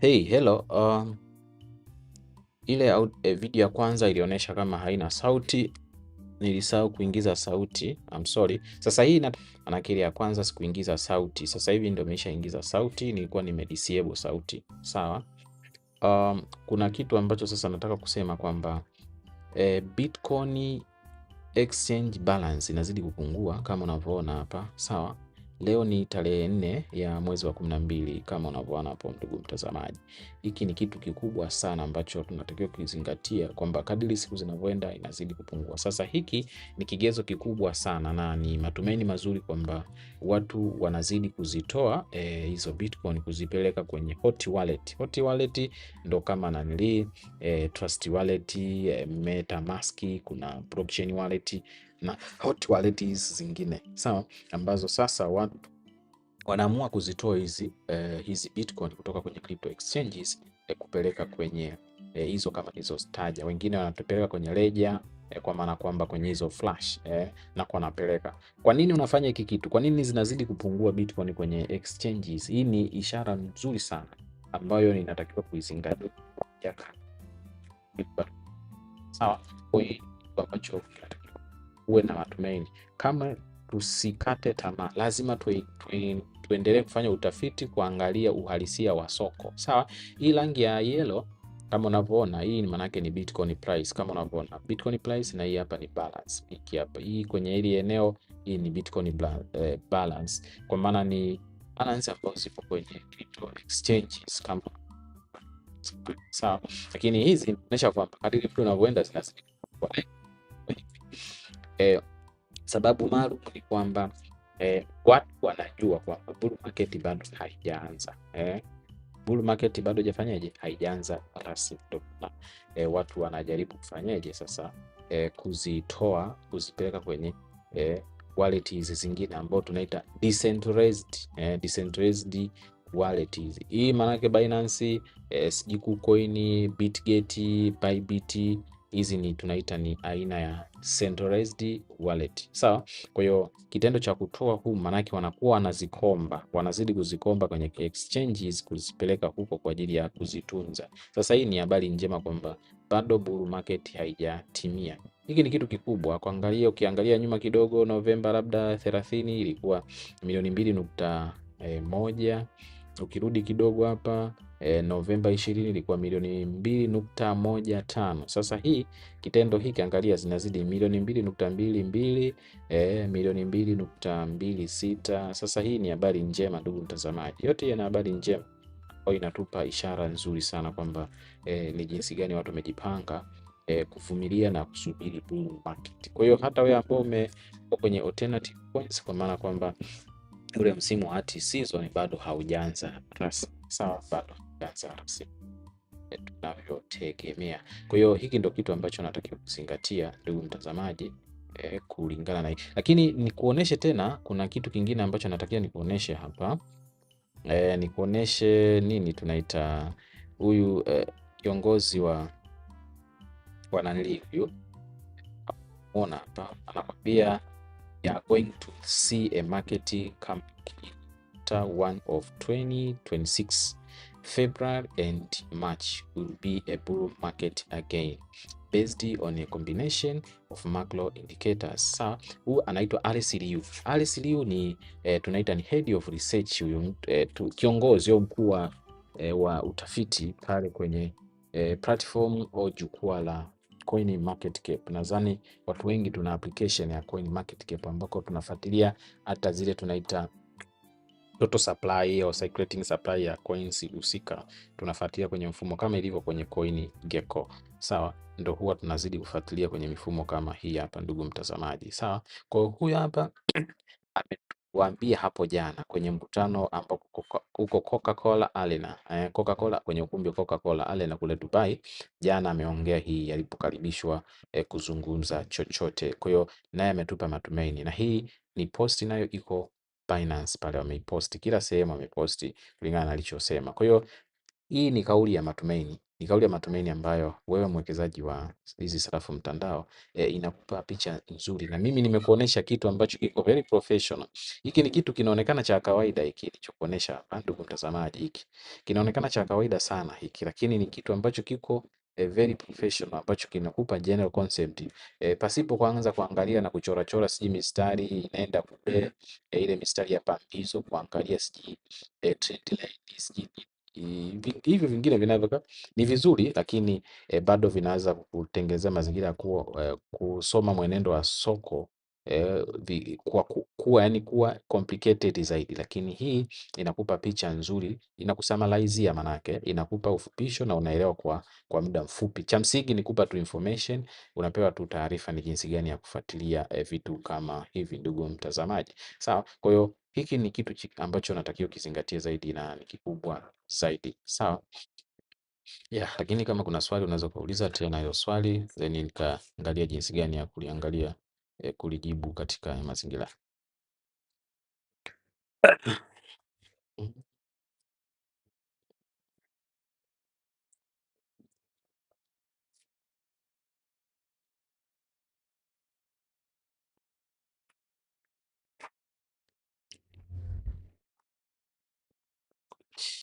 Hey, hello. Uh, ile au, eh, video ya kwanza ilionyesha kama haina sauti, nilisahau kuingiza sauti. I'm sorry. Sasa hii anakili ya kwanza sikuingiza sauti, sasa hivi ndio nimeshaingiza sauti, nilikuwa nimedisable sauti. Sawa. Um, kuna kitu ambacho sasa nataka kusema kwamba eh, Bitcoin exchange balance inazidi kupungua kama unavyoona hapa, sawa Leo ni tarehe nne ya mwezi wa kumi na mbili kama unavyoona hapo, ndugu mtazamaji. Hiki ni kitu kikubwa sana ambacho tunatakiwa kuzingatia kwamba kadiri siku zinavyoenda inazidi kupungua. Sasa hiki ni kigezo kikubwa sana na ni matumaini mazuri kwamba watu wanazidi kuzitoa eh, hizo e, Bitcoin kuzipeleka kwenye hot wallet. Hot wallet ndo kama nanili e, Trust wallet, e, MetaMask, kuna blockchain wallet na hot wallet hizi zingine sawa, ambazo sasa watu wanaamua kuzitoa hizi uh, hizi Bitcoin kutoka kwenye crypto exchanges eh, kupeleka kwenye eh, hizo kama nilizotaja. Wengine wanapeleka kwenye Ledger eh, kwa maana kwamba kwenye hizo flash eh, na kwa wanapeleka. Kwa nini unafanya hiki kitu? Kwa nini zinazidi kupungua Bitcoin kwenye exchanges? Hii ni ishara nzuri sana ambayo ninatakiwa kuizingatia. Sawa, kwa hiyo ambacho uwe na matumaini. Kama tusikate tamaa, lazima tuendelee kufanya utafiti, kuangalia uhalisia wa soko. Sawa, hii rangi ya yellow kama unavyoona hii ni manake ni Bitcoin price. Kama unavyoona Bitcoin price na hii hapa ni balance. Hiki hapa hii kwenye hili eneo hii ni Bitcoin eh, balance, kwa maana ni balance ambazo zipo kwenye crypto exchanges kama sawa, lakini hizi inaonyesha kwamba kadiri mtu unavyoenda zinazidi Eh, sababu maalum ni kwamba eh, watu wanajua kwamba bull market bado haijaanza eh. Bull market bado haijafanyaje, haijaanza rasmi. Eh, watu wanajaribu kufanyaje sasa eh, kuzitoa kuzipeleka kwenye eh, wallet hizi zingine ambao tunaita decentralized eh, decentralized wallet hizi. Hii maanake Binance eh, sijui KuCoin, Bitget, Bybit hizi ni tunaita ni aina ya centralized wallet sawa. So, kwa hiyo kitendo cha kutoa huu, manake wanakuwa wanazikomba, wanazidi kuzikomba kwenye exchanges kuzipeleka huko kwa ajili ya kuzitunza. Sasa hii ni habari njema kwamba bado bull market haijatimia. Hiki ni kitu kikubwa kuangalia. Ukiangalia nyuma kidogo, Novemba labda thelathini ilikuwa milioni mbili nukta eh, moja. Ukirudi kidogo hapa e, Novemba 20 ilikuwa milioni 2.15. Sasa hii kitendo hiki angalia, zinazidi milioni 2.22, e, eh, milioni 2.26. Sasa hii ni habari njema ndugu mtazamaji, yote yana habari njema au inatupa ishara nzuri sana kwamba e, ni jinsi gani watu wamejipanga E, kuvumilia na kusubiri bull market. Kwa hiyo hata wewe ambao umekuwa kwenye alternative coins kwa maana kwamba ule msimu wa ATC season bado haujaanza rasmi. Sawa, bado transactions tunavyotegemea. Kwa hiyo hiki ndo kitu ambacho natakiwa kuzingatia ndugu mtazamaji eh, kulingana na hii. Lakini nikuoneshe tena kuna kitu kingine ambacho natakiwa nikuoneshe hapa. Eh, nikuoneshe nini tunaita huyu eh, kiongozi eh, wa wa nanili hapa anakwambia ya going to see a market complete one of 2026 February and March will be a bull market again based on a combination of macro indicators. Sa huu anaitwa RSLU. RSLU ni eh, tunaita ni head of research huyu eh, kiongozi au mkuu wa eh, wa utafiti pale kwenye eh, platform au jukwaa la Coin Market Cap. Nadhani watu wengi tuna application ya Coin Market Cap ambako tunafuatilia hata zile tunaita total supply au circulating supply ya coins husika tunafuatilia kwenye mfumo kama ilivyo kwenye coin gecko. Sawa, ndo huwa tunazidi kufuatilia kwenye mifumo kama hii hapa, ndugu mtazamaji. Sawa, kwa hiyo huyu hapa ametuambia hapo jana kwenye mkutano ambapo huko Coca-Cola Arena, eh, Coca-Cola kwenye ukumbi wa Coca-Cola Arena kule Dubai, jana ameongea hii alipokaribishwa eh, kuzungumza chochote. Kwa hiyo naye ametupa matumaini, na hii ni posti nayo iko Binance pale wameiposti, kila sehemu wameposti kulingana na alichosema. Kwa hiyo hii ni kauli ya matumaini, ni kauli ya matumaini ambayo wewe mwekezaji wa hizi sarafu mtandao e, inakupa picha nzuri, na mimi nimekuonesha kitu ambacho kiko very professional. Hiki ni kitu kinaonekana cha kawaida hiki nilichokuonesha hapa, ndugu mtazamaji, hiki kinaonekana cha kawaida sana hiki, lakini ni kitu ambacho kiko a very professional ambacho kinakupa general concept e, pasipo kwanza kuangalia na kuchorachora siji mistari inaenda kule e, eh, ile mistari ya pambizo kuangalia siji e, eh, trend line siji hivyo vingine vinavyoka ni vizuri, lakini e, bado vinaweza kutengeneza mazingira ya kusoma mwenendo wa soko eh, kuwa, kuwa, yani kuwa complicated zaidi, lakini hii inakupa picha nzuri, inakusamalaizia manake, inakupa ufupisho na unaelewa kwa, kwa muda mfupi. Cha msingi ni kupa tu information, unapewa tu taarifa ni jinsi gani ya kufuatilia eh, vitu kama hivi, ndugu mtazamaji. Sawa, kwa hiyo hiki ni kitu ambacho natakiwa kizingatie zaidi na ni kikubwa zaidi. Sawa. Yeah, lakini kama kuna swali unaweza kuuliza tena hiyo swali then nikaangalia jinsi gani ya kuliangalia e, kulijibu katika mazingira